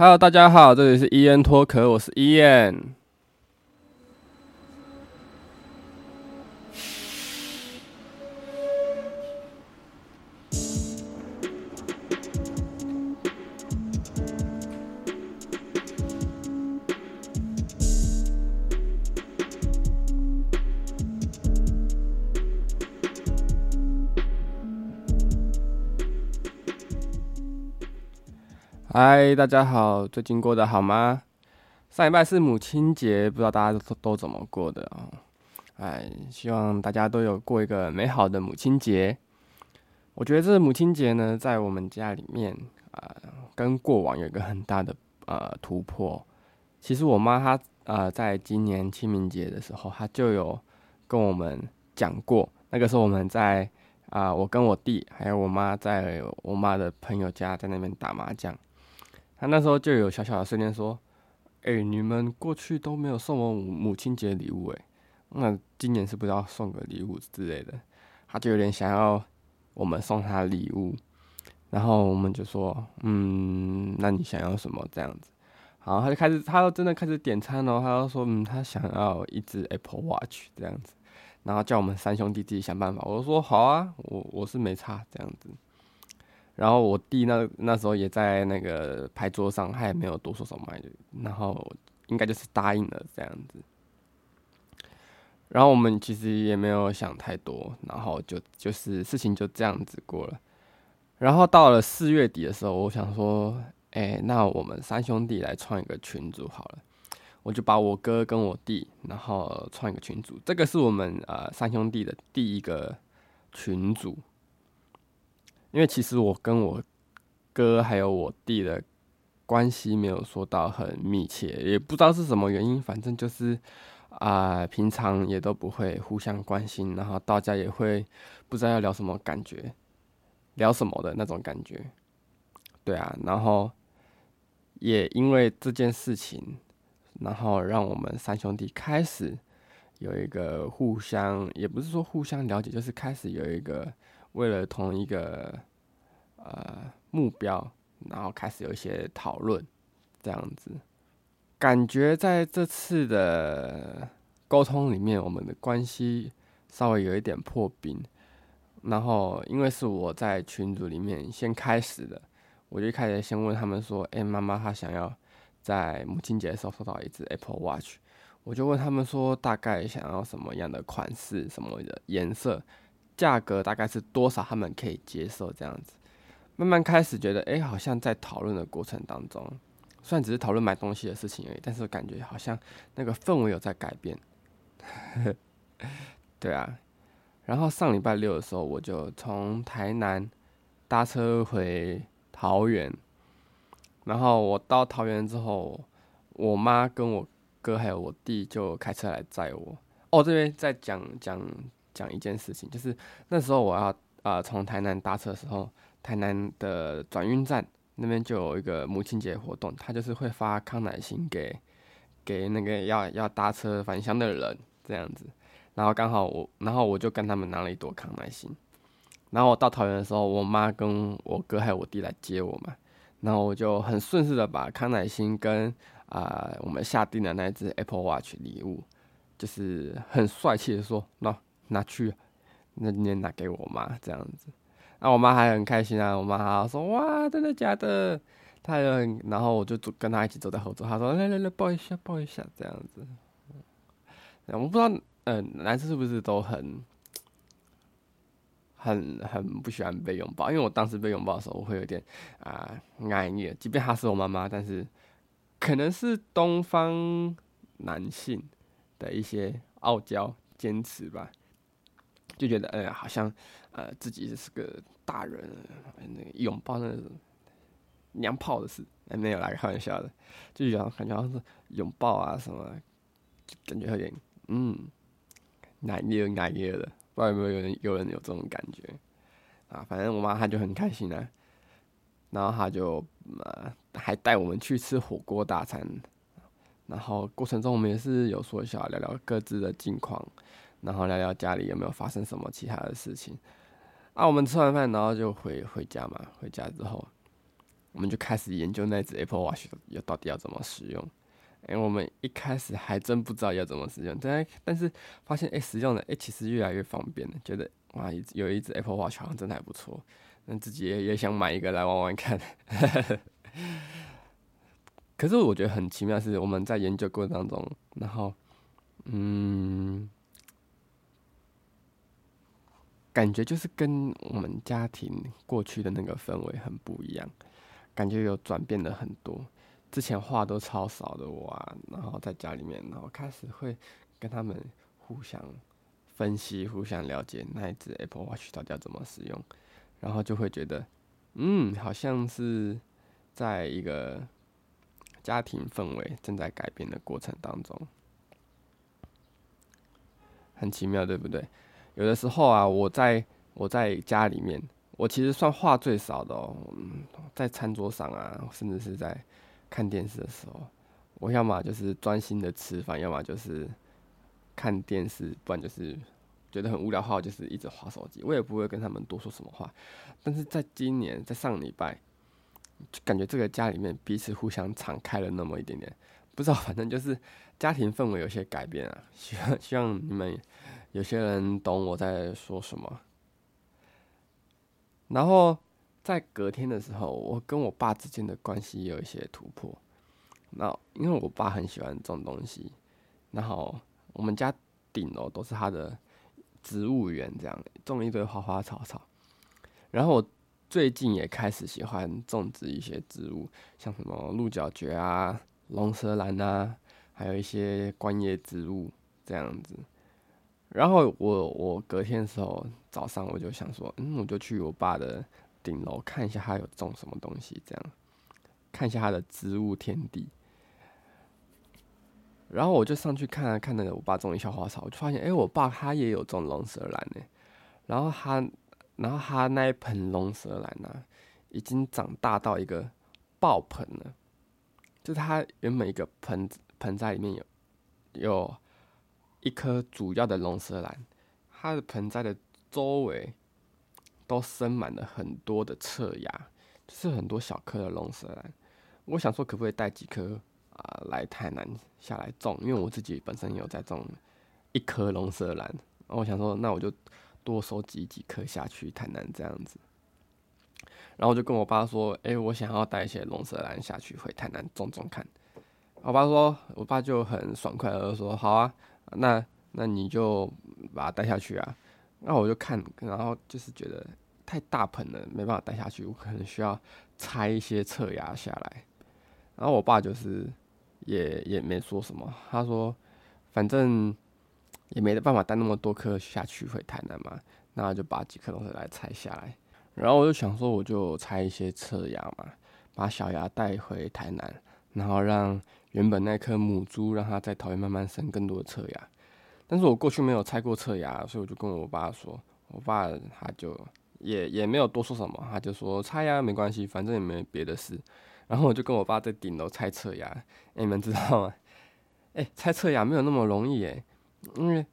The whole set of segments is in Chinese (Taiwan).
Hello，大家好，這裡是伊恩 Talk，我是伊恩。嗨，Hi, 大家好，最近過得好嗎？上禮拜是母親節，不知道大家都都，都怎麼過的哦、啊？哎，希望大家都有過一個美好的母親節。我覺得這母親節呢，在我們家裡面啊、呃，跟過往有一個很大的呃突破。其實我媽她啊、呃、在今年清明節的時候，她就有跟我們講過，那個時候我們在啊、呃，我跟我弟還有我媽在我媽的朋友家，在那邊打麻將。他那時候就有小小的訓練，說：“哎、欸，你們過去都沒有送我母親節禮物、欸，哎，那今年是不是要送個禮物之類的？”他就有點想要我們送他禮物，然後我們就說：“嗯，那你想要什麼？”這樣子，好，他就開始，他就真的開始點餐了、哦。他就說：“嗯，他想要一隻 Apple Watch 這樣子。”然後叫我們三兄弟自己想辦法。我說：“好啊，我我是沒差這樣子。”然後我弟那那時候也在那個牌桌上，他也沒有多說什麼，然後應該就是答應了這樣子。然後我們其實也沒有想太多，然後就就是事情就這樣子過了。然後到了四月底的時候，我想說，哎，那我們三兄弟來創一個群組好了，我就把我哥跟我弟，然後創一個群組，這個是我們呃三兄弟的第一個群組。因為其實我跟我哥還有我弟的關係沒有說到很密切，也不知道是什麼原因，反正就是啊、呃，平常也都不會互相關心，然後大家也會不知道要聊什麼感覺，聊什麼的那種感覺。對啊，然後也因為這件事情，然後讓我們三兄弟開始有一個互相，也不是說互相了解，就是開始有一個。為了同一個呃目標，然後開始有一些討論，這樣子感覺在這次的溝通裡面，我們的關係稍微有一點破冰。然後因為是我在群組裡面先開始的，我就開始先問他們說：“哎、欸，媽媽她想要在母親節的時候收到一支 Apple Watch。”我就問他們說：“大概想要什麼樣的款式，什麼的顏色？”價格大概是多少？他們可以接受這樣子，慢慢開始覺得，哎，好像在討論的過程當中，雖然只是討論買東西的事情而已，但是感覺好像那個氛圍有在改變。 對啊，然後上禮拜六的時候，我就從台南搭車回桃園，然後我到桃園之後，我媽跟我哥還有我弟就開車來載我。哦，這邊再講講。講一件事情，就是那時候我要啊從、呃、台南搭車的時候，台南的轉運站那邊就有一個母親節活動，他就是會發康乃馨給給那個要要搭車返鄉的人這樣子，然後剛好我，然後我就跟他們拿了一朵康乃馨，然後我到桃園的時候，我媽跟我哥還有我弟來接我嘛，然後我就很順勢的把康乃馨跟啊、呃、我們下定的那一隻 Apple Watch 禮物，就是很帥氣的說 no。拿去，那你拿給我媽這樣子，那、啊、我媽還很開心啊。我媽還說：“哇，真的假的？”她又然後我就走跟她一起走在後頭，她說：“來來來，抱一下，抱一下。”這樣子，我、嗯嗯、不知道，嗯、呃，男生是不是都很很很不喜歡被擁抱？因為我當時被擁抱的時候，我會有點啊壓抑。即便她是我媽媽，但是可能是東方男性的一些傲嬌堅持吧。就覺得，哎、欸、呀，好像，呃，自己是個大人，欸、那個擁抱那種、個、娘炮的事，欸、沒有來開玩笑的，就覺感覺好像，像是擁抱啊什麼，感覺有點嗯，奶捏奶捏的，不知道有沒有，有人有人有這種感覺，啊，反正我媽她就很開心了、啊，然後她就呃還帶我們去吃火鍋大餐，然後過程中我們也是有說一下聊聊各自的近況。然後聊聊家裡有沒有發生什麼其他的事情啊？我們吃完飯，然後就回回家嘛。回家之後，我們就開始研究那只 Apple Watch 又到底要怎麼使用。哎，我們一開始還真不知道要怎麼使用，但但是發現誒使用的其實越來越方便了。覺得哇，有一只 Apple Watch 好像真的還不錯，那自己也也想買一個來玩玩看。 可是我覺得很奇妙是我們在研究過程當中，然後嗯。感覺就是跟我們家庭過去的那個氛圍很不一樣，感覺有轉變了很多。之前話都超少的我啊，然後在家裡面，然後開始會跟他們互相分析、互相了解那一只 Apple Watch 到底要怎麼使用，然後就會覺得，嗯，好像是在一個家庭氛圍正在改變的過程當中，很奇妙，對不對？有的時候啊，我在我在家裡面，我其實算話最少的哦。在餐桌上啊，甚至是在看電視的時候，我要麼就是專心的吃飯，要麼就是看電視，不然就是覺得很無聊的話，就是一直滑手機，我也不會跟他們多說什麼話。但是在今年，在上禮拜，就感覺這個家裡面彼此互相敞開了那麼一點點，不知道，反正就是家庭氛圍有些改變啊。希望希望你們。有些人懂我在說什麼。然後，在隔天的時候，我跟我爸之間的關係有一些突破。那因為我爸很喜歡種東西，然後我們家頂樓都是他的植物園，這樣種一堆花花草草。然後我最近也開始喜歡種植一些植物，像什麼鹿角蕨啊、龍舌蘭啊，還有一些觀葉植物這樣子。然後我我隔天的時候，早上我就想說，嗯，我就去我爸的頂樓看一下他有種什麼東西，這樣看一下他的植物天地。然後我就上去看了看那個我爸種的小花草，我就發現，哎，我爸他也有種龍舌蘭誒。然後他，然後他那一盆龍舌蘭呢，已經長大到一個爆盆了，就是他原本一個盆盆栽裡面有有。一顆主要的龍舌蘭，它的盆栽的周圍都生滿了很多的側芽，就是很多小顆的龍舌蘭。我想說，可不可以帶幾顆啊、呃、來台南下來種？因為我自己本身有在種一顆龍舌蘭，我想說，那我就多收集幾顆下去台南這樣子。然後我就跟我爸說：“哎、欸，我想要帶一些龍舌蘭下去，回台南種種看。”我爸說：“我爸就很爽快的說，好啊。”那那你就把它帶下去啊，那我就看，然後就是覺得太大盆了，沒辦法帶下去，我可能需要拆一些側芽下來。然後我爸就是也也沒說什麼，他說反正也沒辦法帶那麼多顆下去，回台南嘛，那就把幾顆東西來拆下來。然後我就想說，我就拆一些側芽嘛，把小芽帶回台南。然後讓原本那顆母株讓它在桃園慢慢生更多的側芽，但是我過去沒有拆過側芽，所以我就跟我爸說，我爸他就也也沒有多說什麼，他就說拆呀、啊，沒關係，反正也沒有別的事。然後我就跟我爸在頂樓拆側芽、欸，你們知道嗎？哎，拆側芽沒有那麼容易哎，欸，因為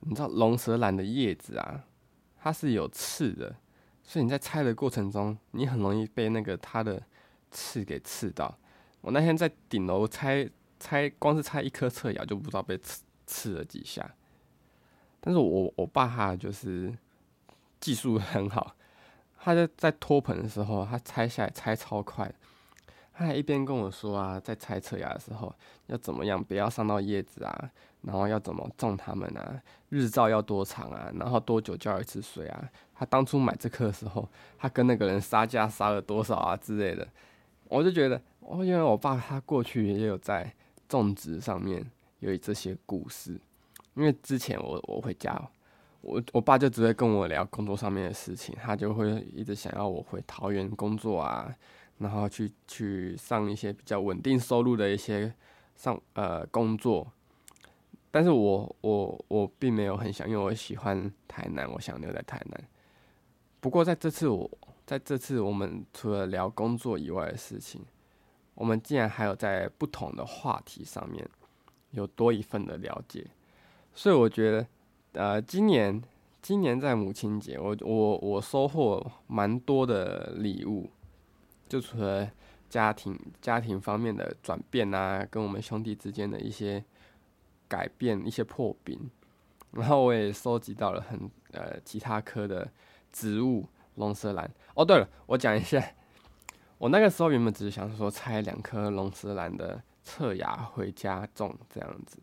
你知道龍舌蘭的葉子啊，它是有刺的，所以你在拆的過程中，你很容易被那個它的刺給刺到。我那天在頂樓拆拆，光是拆一顆側芽就不知道被刺刺了幾下。但是我我爸他就是技術很好，他就在在脫盆的時候，他拆下來拆超快。他還一邊跟我說啊，在拆側芽的時候要怎麼樣，不要傷到葉子啊，然後要怎麼種它們啊，日照要多長啊，然後多久澆一次水啊。他當初買這棵的時候，他跟那個人殺價殺了多少啊之類的，我就覺得。哦，因為我爸他過去也有在種植上面有這些故事。因為之前我我回家，我我爸就只會跟我聊工作上面的事情，他就會一直想要我回桃園工作啊，然後去去上一些比較穩定收入的一些上呃工作。但是我我我並沒有很想，因為我喜歡台南，我想留在台南。不過在這次我在這次我們除了聊工作以外的事情。我們竟然還有在不同的話題上面有多一份的了解，所以我覺得，呃，今年今年在母親節，我我我收穫蠻多的禮物，就除了家庭家庭方面的轉變啊，跟我們兄弟之間的一些改變，一些破冰，然後我也收集到了很呃其他科的植物龍舌蘭。哦，對了，我講一下。我那個時候原本只是想說拆兩顆龍舌蘭的側芽回家種這樣子，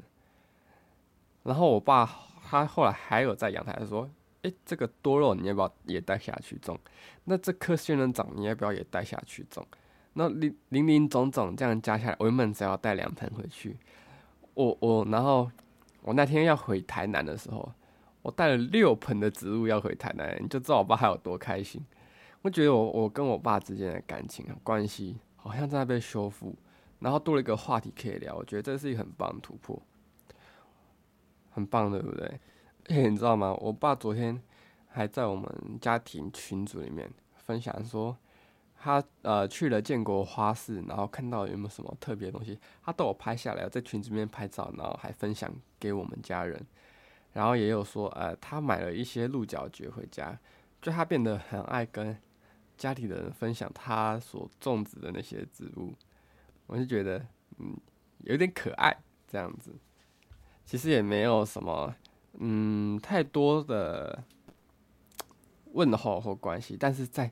然後我爸他後來還有在陽台說：“誒、欸，這個多肉你要不要也帶下去種？那這顆仙人掌你要不要也帶下去種？那林林總總這樣加下來，我原本只要帶兩盆回去，我我然後我那天要回台南的時候，我帶了六盆的植物要回台南，你就知道我爸還有多開心。”我覺得我我跟我爸之間的感情啊，關係好像在被修復，然後多了一個話題可以聊，我覺得這是一個很棒的突破，很棒，對不對？而、欸、且你知道嗎？我爸昨天還在我們家庭群組裡面分享說他，他呃去了建國花市，然後看到有沒有什麼特別的東西，他都有拍下來，在群組裡面拍照，然後還分享給我們家人，然後也有說，呃，他買了一些鹿角蕨回家，就他變得很愛跟。家裡的人分享他所種植的那些植物，我就覺得，嗯，有點可愛這樣子。其實也沒有什麼，嗯，太多的問候或關係。但是在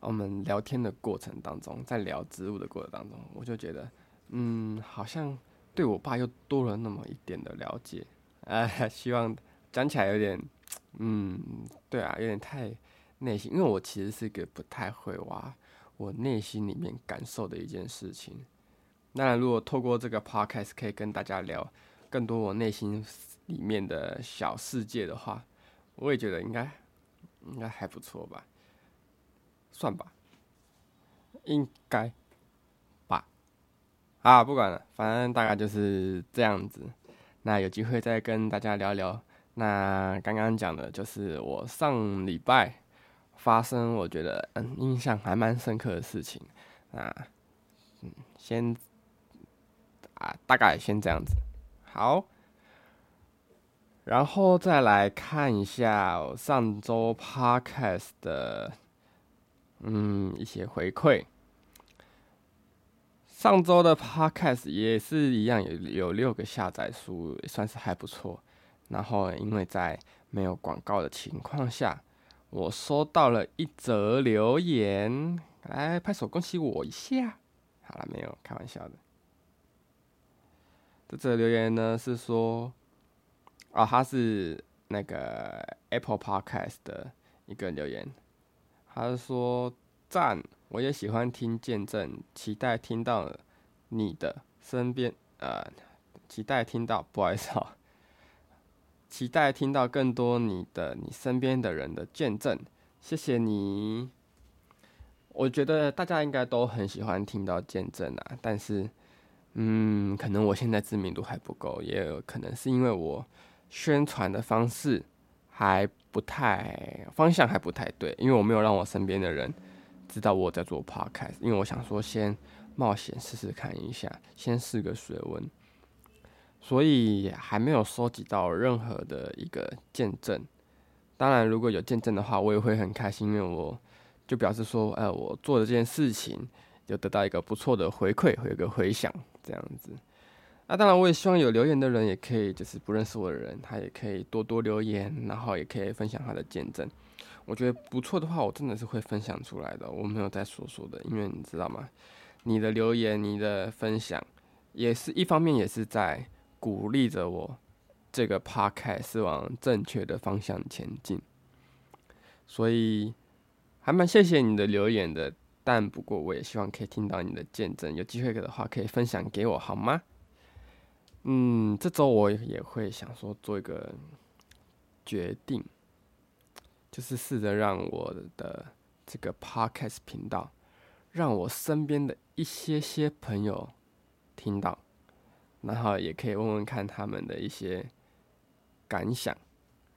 我們聊天的過程當中，在聊植物的過程當中，我就覺得，嗯，好像對我爸又多了那麼一點的了解。哎、呃，希望講起來有點，嗯，對啊，有點太。內心，因為我其實是一個不太會挖我內心裡面感受的一件事情。那如果透過這個 podcast 可以跟大家聊更多我內心裡面的小世界的話，我也覺得應該應該還不錯吧？算吧，應該吧？啊，不管了，反正大概就是這樣子。那有機會再跟大家聊聊。那剛剛講的就是我上禮拜。發生我覺得嗯印象還蠻深刻的事情，啊，嗯，先啊大概先這樣子，好，然後再來看一下上周 podcast 的嗯一些回饋。上周的 podcast 也是一樣有有六個下載數，算是還不錯。然後因為在沒有廣告的情況下。我收到了一則留言，來拍手恭喜我一下。好了，沒有開玩笑的。這則留言呢是說，啊、哦，他是那個 Apple Podcast 的一個留言，他是說讚，我也喜歡聽見證，期待聽到你的身邊，呃，期待聽到，不好意思啊、喔。期待聽到更多你的、你身邊的人的見證，謝謝你。我覺得大家應該都很喜歡聽到見證啊，但是，嗯，可能我現在知名度還不夠，也有可能是因為我宣傳的方式還不太，方向還不太對，因為我沒有讓我身邊的人知道我在做 podcast，因為我想說先冒險試試看一下，先試個水溫。所以還沒有收集到任何的一個見證。當然，如果有見證的話，我也會很開心，因為我就表示說，哎，我做的這件事情，有得到一個不錯的回饋，會有個回響這樣子。那當然，我也希望有留言的人，也可以就是不認識我的人，他也可以多多留言，然後也可以分享他的見證。我覺得不錯的話，我真的是會分享出來的。我沒有在說說的，因為你知道嗎？你的留言，你的分享，也是一方面，也是在。鼓勵着我，這個 podcast 是往正確的方向前進，所以還蠻謝謝你的留言的。但不過，我也希望可以聽到你的見證，有機會的話可以分享給我，好嗎？嗯，這周我也會想說做一個決定，就是試着讓我的這個 podcast 頻道，讓我身邊的一些些朋友聽到。然後也可以問問看他們的一些感想，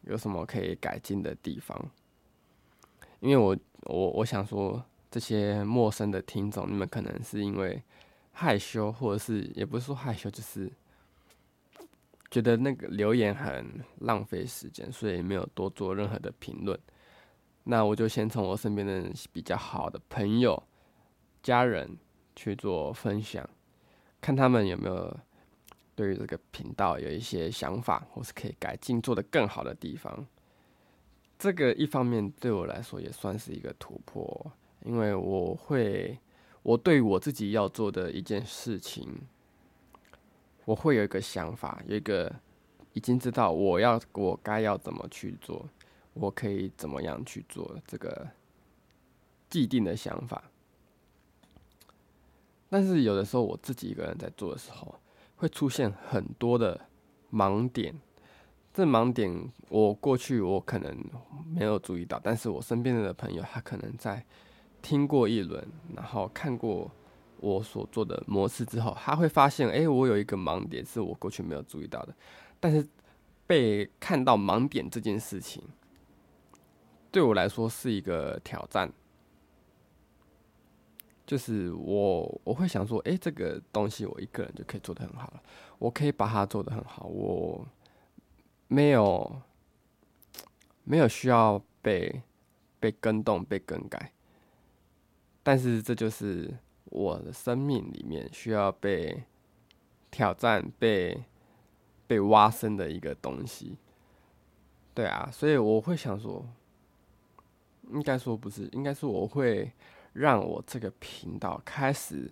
有什麼可以改進的地方。因為我我我想說，這些陌生的聽眾，你們可能是因為害羞，或者是也不是說害羞，就是覺得那個留言很浪費時間，所以沒有多做任何的評論。那我就先從我身邊的人比較好的朋友、家人去做分享，看他們有沒有。對於這個頻道有一些想法，或是可以改進、做的更好的地方，這個一方面對我來說也算是一個突破，因為我會，我對我自己要做的一件事情，我會有一個想法，有一個已經知道我要我該要怎麼去做，我可以怎麼樣去做這個既定的想法，但是有的時候我自己一個人在做的時候。會出現很多的盲點，這盲點我過去我可能沒有注意到，但是我身邊的朋友他可能在聽過一輪，然後看過我所做的模式之後，他會發現，哎，我有一個盲點是我過去沒有注意到的，但是被看到盲點這件事情，對我來說是一個挑戰。就是我，我會想說，誒、欸，這個東西我一個人就可以做得很好了，我可以把它做得很好，我沒有沒有需要被被更動、被更改。但是這就是我的生命裡面需要被挑戰、被被挖深的一個東西。對啊，所以我會想說，應該說不是，應該是我會。讓我這個頻道開始，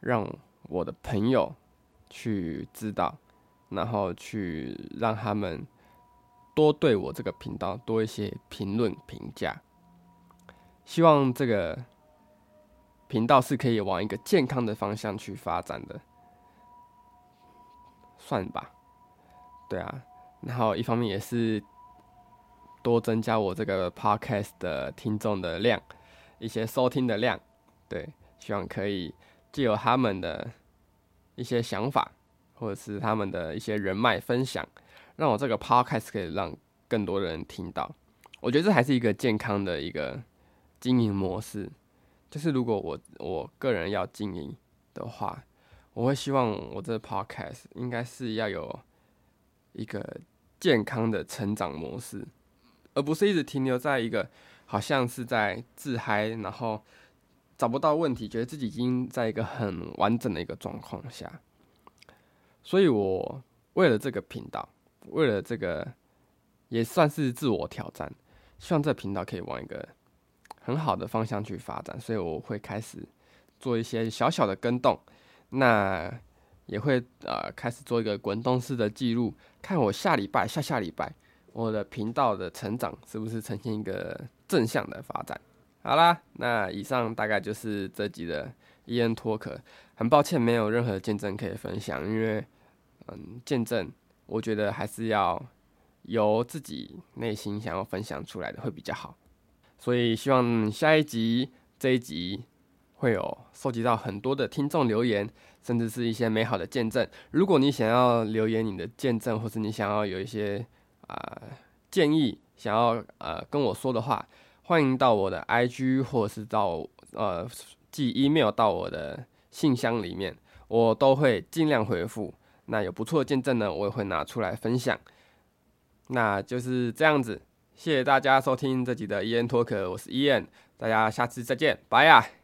讓我的朋友去知道，然後去讓他們多對我這個頻道多一些評論評價。希望這個頻道是可以往一個健康的方向去發展的，算吧。對啊，然後一方面也是多增加我這個 podcast 的聽眾的量。一些收聽的量，對，希望可以借由他們的一些想法，或者是他們的一些人脈分享，讓我這個 podcast 可以讓更多的人聽到。我覺得這還是一個健康的一個經營模式。就是如果我我個人要經營的話，我會希望我這 podcast 應該是要有一個健康的成長模式，而不是一直停留在一個。好像是在自嗨，然後找不到問題，覺得自己已經在一個很完整的一個狀況下。所以，我為了這個頻道，為了這個，也算是自我挑戰，希望這頻道可以往一個很好的方向去發展。所以，我會開始做一些小小的更動，那也會呃開始做一個滾動式的記錄，看我下禮拜、下下禮拜我的頻道的成長是不是呈現一個。正向的發展。好啦，那以上大概就是這集的 En Talk。很抱歉，沒有任何見證可以分享，因為，嗯，見證我覺得還是要由自己內心想要分享出來的會比較好。所以希望下一集，這一集會有收集到很多的聽眾留言，甚至是一些美好的見證。如果你想要留言你的見證，或者你想要有一些啊、呃、建議。想要呃跟我說的話，歡迎到我的 IG 或者是到呃寄 email 到我的信箱裡面，我都會盡量回覆。那有不錯的見證呢，我也會拿出來分享。那就是這樣子，謝謝大家收聽這集的伊恩 Talk，我是伊恩，大家下次再見，拜呀啊。